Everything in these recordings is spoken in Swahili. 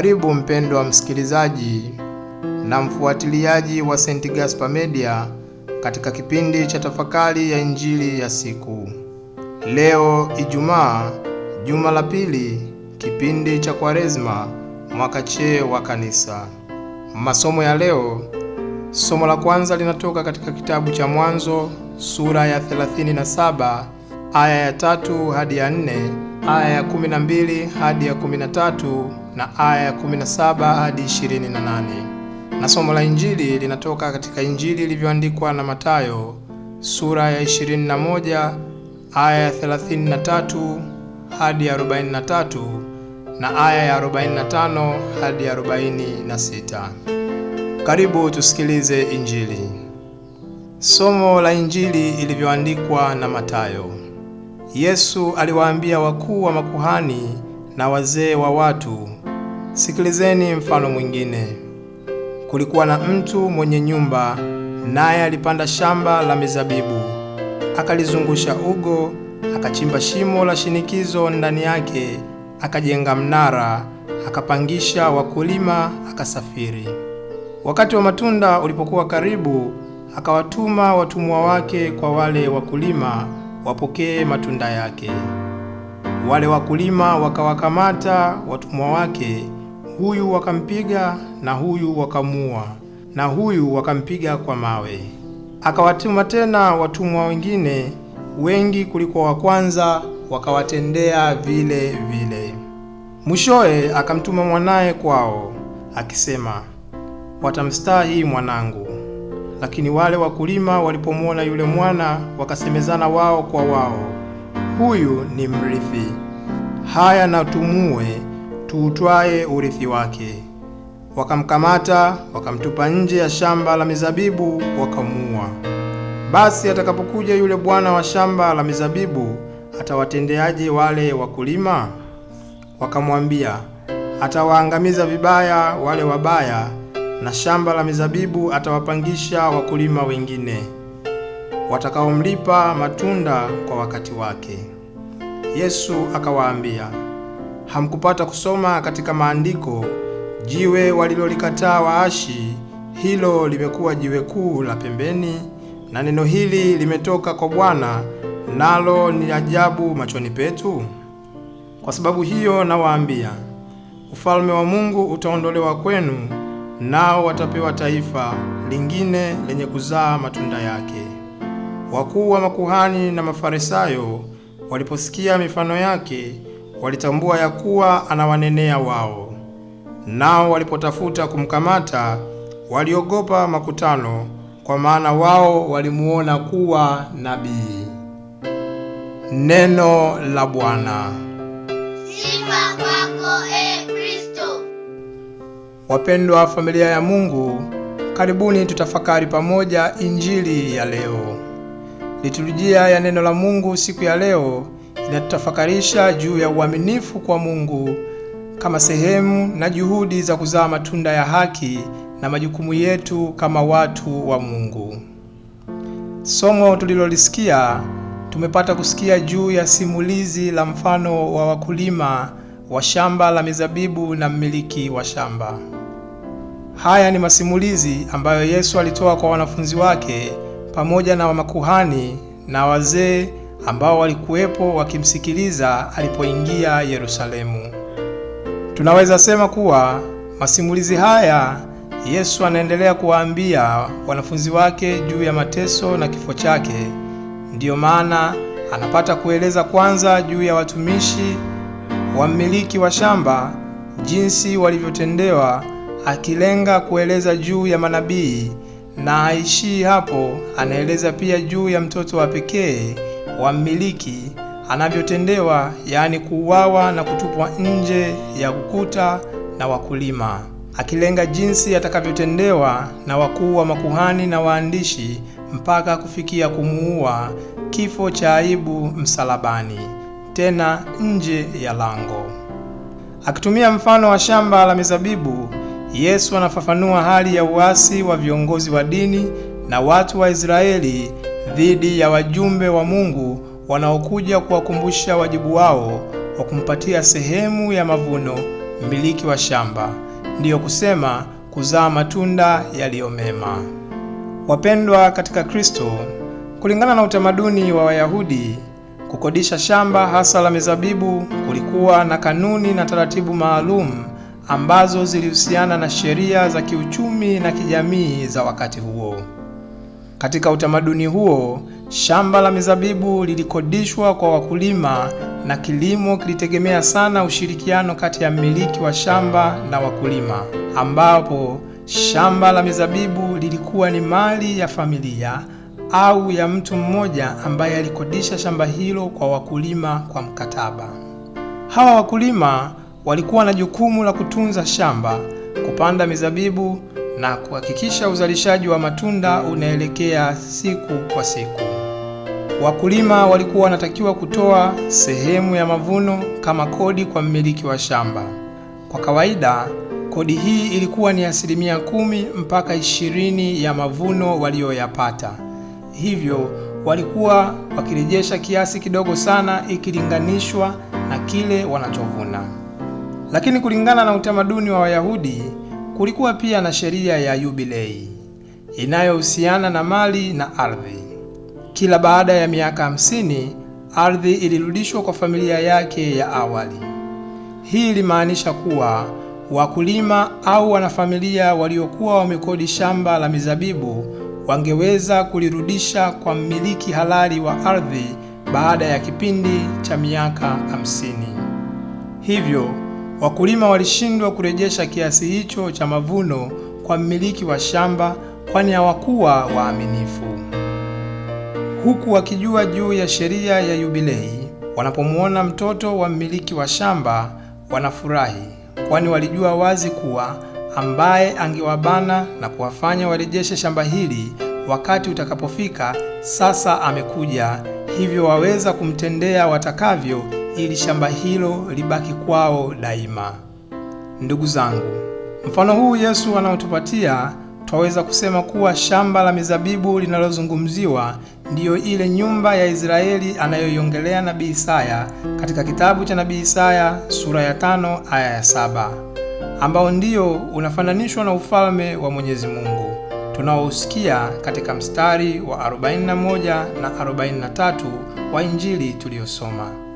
Karibu mpendwa msikilizaji na mfuatiliaji wa St. Gaspar Media katika kipindi cha tafakari ya Injili ya siku. Leo Ijumaa, juma la pili, kipindi cha Kwaresma, mwaka C wa Kanisa. Masomo ya leo, somo la kwanza linatoka katika kitabu cha Mwanzo sura ya 37 aya ya 3 hadi ya 4 aya ya 12 hadi ya 13 na aya ya 17 hadi 28, na somo la Injili linatoka katika Injili ilivyoandikwa na Matayo sura ya 21 aya ya 33 hadi 43 na aya ya 45 hadi 46. Karibu tusikilize Injili. Somo la Injili ilivyoandikwa na Matayo. Yesu aliwaambia wakuu wa makuhani na wazee wa watu Sikilizeni mfano mwingine. Kulikuwa na mtu mwenye nyumba, naye alipanda shamba la mizabibu, akalizungusha ugo, akachimba shimo la shinikizo ndani yake, akajenga mnara, akapangisha wakulima, akasafiri. Wakati wa matunda ulipokuwa karibu, akawatuma watumwa wake kwa wale wakulima wapokee matunda yake. Wale wakulima wakawakamata watumwa wake huyu wakampiga na huyu wakamua na huyu wakampiga kwa mawe. Akawatuma tena watumwa wengine wengi kuliko wa kwanza, wakawatendea vile vile. Mwishowe akamtuma mwanaye kwao akisema, watamstahi mwanangu. Lakini wale wakulima walipomwona yule mwana, wakasemezana wao kwa wao, huyu ni mrithi, haya na tumue tuutwaye urithi wake. Wakamkamata, wakamtupa nje ya shamba la mizabibu, wakamuua. Basi atakapokuja yule bwana wa shamba la mizabibu, atawatendeaje wale wakulima? Wakamwambia, atawaangamiza vibaya wale wabaya, na shamba la mizabibu atawapangisha wakulima wengine watakaomlipa matunda kwa wakati wake. Yesu akawaambia hamkupata kusoma katika maandiko, jiwe walilolikataa waashi, hilo limekuwa jiwe kuu la pembeni, na neno hili limetoka kwa Bwana, nalo ni ajabu machoni petu? Kwa sababu hiyo nawaambia, ufalme wa Mungu utaondolewa kwenu, nao watapewa taifa lingine lenye kuzaa matunda yake. Wakuu wa makuhani na Mafarisayo waliposikia mifano yake walitambua ya kuwa anawanenea wao, nao walipotafuta kumkamata waliogopa makutano, kwa maana wao walimuona kuwa nabii. Neno la Bwana. Sifa kwako e Kristo. Wapendwa familia ya Mungu, karibuni tutafakari pamoja injili ya leo. Liturujia ya neno la Mungu siku ya leo inatutafakarisha juu ya uaminifu kwa Mungu kama sehemu na juhudi za kuzaa matunda ya haki na majukumu yetu kama watu wa Mungu. Somo tulilolisikia, tumepata kusikia juu ya simulizi la mfano wa wakulima wa shamba la mizabibu na mmiliki wa shamba. Haya ni masimulizi ambayo Yesu alitoa kwa wanafunzi wake pamoja na makuhani na wazee ambao walikuwepo wakimsikiliza alipoingia Yerusalemu. Tunaweza sema kuwa masimulizi haya Yesu anaendelea kuwaambia wanafunzi wake juu ya mateso na kifo chake. Ndiyo maana anapata kueleza kwanza juu ya watumishi wa mmiliki wa shamba jinsi walivyotendewa, akilenga kueleza juu ya manabii, na haishii hapo, anaeleza pia juu ya mtoto wa pekee wa mmiliki anavyotendewa, yaani kuuawa na kutupwa nje ya ukuta na wakulima, akilenga jinsi atakavyotendewa na wakuu wa makuhani na waandishi mpaka kufikia kumuua kifo cha aibu msalabani, tena nje ya lango. Akitumia mfano wa shamba la mizabibu, Yesu anafafanua hali ya uasi wa viongozi wa dini na watu wa Israeli dhidi ya wajumbe wa Mungu wanaokuja kuwakumbusha wajibu wao wa kumpatia sehemu ya mavuno mmiliki wa shamba, ndiyo kusema kuzaa matunda yaliyo mema. Wapendwa katika Kristo, kulingana na utamaduni wa Wayahudi, kukodisha shamba hasa la mizabibu kulikuwa na kanuni na taratibu maalum ambazo zilihusiana na sheria za kiuchumi na kijamii za wakati huo. Katika utamaduni huo, shamba la mizabibu lilikodishwa kwa wakulima na kilimo kilitegemea sana ushirikiano kati ya mmiliki wa shamba na wakulima, ambapo shamba la mizabibu lilikuwa ni mali ya familia au ya mtu mmoja ambaye alikodisha shamba hilo kwa wakulima kwa mkataba. Hawa wakulima walikuwa na jukumu la kutunza shamba, kupanda mizabibu na kuhakikisha uzalishaji wa matunda unaelekea siku kwa siku. Wakulima walikuwa wanatakiwa kutoa sehemu ya mavuno kama kodi kwa mmiliki wa shamba. Kwa kawaida, kodi hii ilikuwa ni asilimia kumi mpaka ishirini ya mavuno waliyoyapata. Hivyo walikuwa wakirejesha kiasi kidogo sana ikilinganishwa na kile wanachovuna. Lakini kulingana na utamaduni wa Wayahudi kulikuwa pia na sheria ya yubilei inayohusiana na mali na ardhi. Kila baada ya miaka hamsini ardhi ilirudishwa kwa familia yake ya awali. Hii ilimaanisha kuwa wakulima au wanafamilia waliokuwa wamekodi shamba la mizabibu wangeweza kulirudisha kwa mmiliki halali wa ardhi baada ya kipindi cha miaka hamsini. Hivyo Wakulima walishindwa kurejesha kiasi hicho cha mavuno kwa mmiliki wa shamba kwani hawakuwa waaminifu. Huku wakijua juu ya sheria ya yubilei, wanapomwona mtoto wa mmiliki wa shamba wanafurahi, kwani walijua wazi kuwa ambaye angewabana na kuwafanya warejeshe shamba hili wakati utakapofika sasa amekuja, hivyo waweza kumtendea watakavyo ili shamba hilo libaki kwao daima. Ndugu zangu, mfano huu Yesu anaotupatia twaweza kusema kuwa shamba la mizabibu linalozungumziwa ndiyo ile nyumba ya Israeli anayoiongelea nabii Isaya katika kitabu cha nabii Isaya sura ya tano aya ya saba ambao ndiyo unafananishwa na ufalme wa Mwenyezi Mungu tunaousikia katika mstari wa 41 na 43 wa Injili tuliyosoma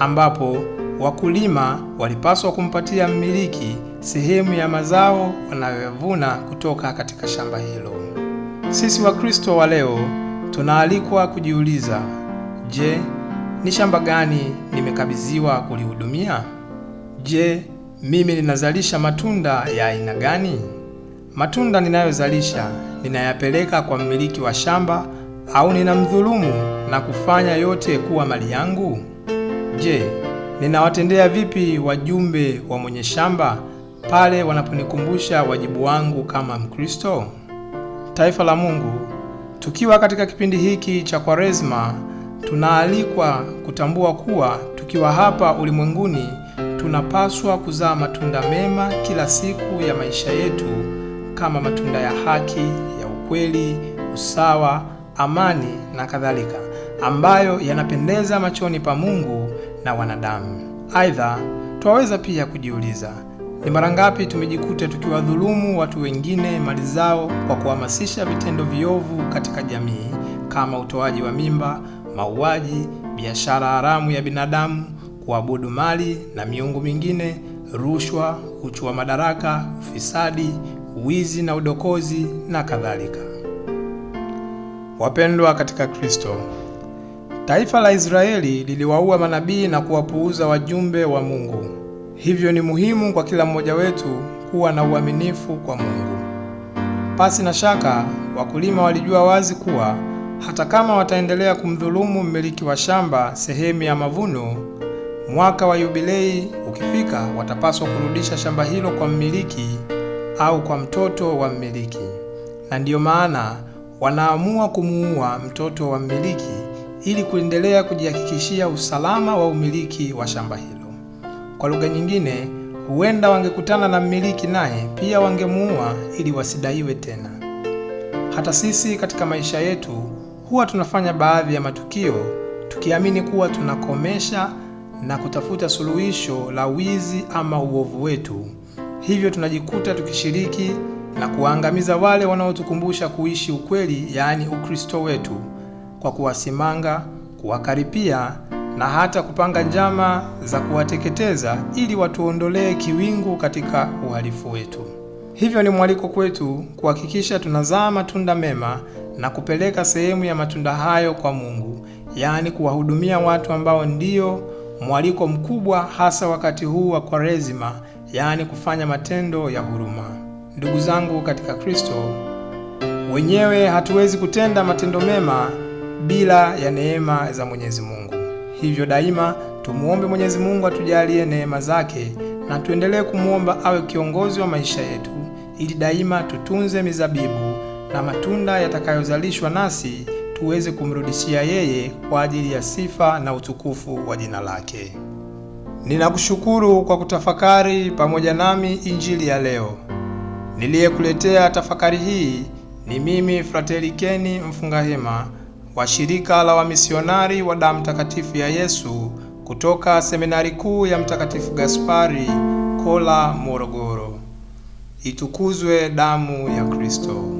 ambapo wakulima walipaswa kumpatia mmiliki sehemu ya mazao wanayoyavuna kutoka katika shamba hilo. Sisi Wakristo wa leo tunaalikwa kujiuliza, je, ni shamba gani nimekabidhiwa kulihudumia? Je, mimi ninazalisha matunda ya aina gani? Matunda ninayozalisha ninayapeleka kwa mmiliki wa shamba au ninamdhulumu na kufanya yote kuwa mali yangu? Je, ninawatendea vipi wajumbe wa mwenye shamba pale wanaponikumbusha wajibu wangu kama Mkristo? Taifa la Mungu, tukiwa katika kipindi hiki cha Kwaresma, tunaalikwa kutambua kuwa tukiwa hapa ulimwenguni tunapaswa kuzaa matunda mema kila siku ya maisha yetu kama matunda ya haki, ya ukweli, usawa, amani na kadhalika, ambayo yanapendeza machoni pa Mungu na wanadamu. Aidha, twaweza pia kujiuliza ni mara ngapi tumejikuta tukiwadhulumu watu wengine mali zao kwa kuhamasisha vitendo viovu katika jamii kama utoaji wa mimba, mauaji, biashara haramu ya binadamu, kuabudu mali na miungu mingine, rushwa, uchu wa madaraka, ufisadi, wizi na udokozi na kadhalika. Wapendwa katika Kristo, Taifa la Israeli liliwaua manabii na kuwapuuza wajumbe wa Mungu. Hivyo ni muhimu kwa kila mmoja wetu kuwa na uaminifu kwa Mungu. Pasi na shaka, wakulima walijua wazi kuwa hata kama wataendelea kumdhulumu mmiliki wa shamba sehemu ya mavuno, mwaka wa yubilei ukifika, watapaswa kurudisha shamba hilo kwa mmiliki au kwa mtoto wa mmiliki, na ndiyo maana wanaamua kumuua mtoto wa mmiliki ili kuendelea kujihakikishia usalama wa umiliki wa shamba hilo. Kwa lugha nyingine, huenda wangekutana na mmiliki naye pia wangemuua ili wasidaiwe tena. Hata sisi katika maisha yetu huwa tunafanya baadhi ya matukio tukiamini kuwa tunakomesha na kutafuta suluhisho la wizi ama uovu wetu, hivyo tunajikuta tukishiriki na kuwaangamiza wale wanaotukumbusha kuishi ukweli, yaani Ukristo wetu kwa kuwasimanga, kuwakaripia na hata kupanga njama za kuwateketeza ili watuondolee kiwingu katika uhalifu wetu. Hivyo ni mwaliko kwetu kuhakikisha tunazaa matunda mema na kupeleka sehemu ya matunda hayo kwa Mungu, yaani kuwahudumia watu ambao ndio mwaliko mkubwa hasa wakati huu wa Kwaresima, yaani kufanya matendo ya huruma. Ndugu zangu katika Kristo, wenyewe hatuwezi kutenda matendo mema bila ya neema za Mwenyezi Mungu. Hivyo daima tumuombe Mwenyezi Mungu atujalie neema zake na tuendelee kumwomba awe kiongozi wa maisha yetu ili daima tutunze mizabibu na matunda yatakayozalishwa nasi tuweze kumrudishia yeye kwa ajili ya sifa na utukufu wa jina lake. Ninakushukuru kwa kutafakari pamoja nami Injili ya leo. Niliyekuletea tafakari hii ni mimi Frateli Keni Mfungahema wa shirika la wamisionari wa, wa damu takatifu ya Yesu kutoka seminari kuu ya Mtakatifu Gaspari Kola, Morogoro. Itukuzwe damu ya Kristo!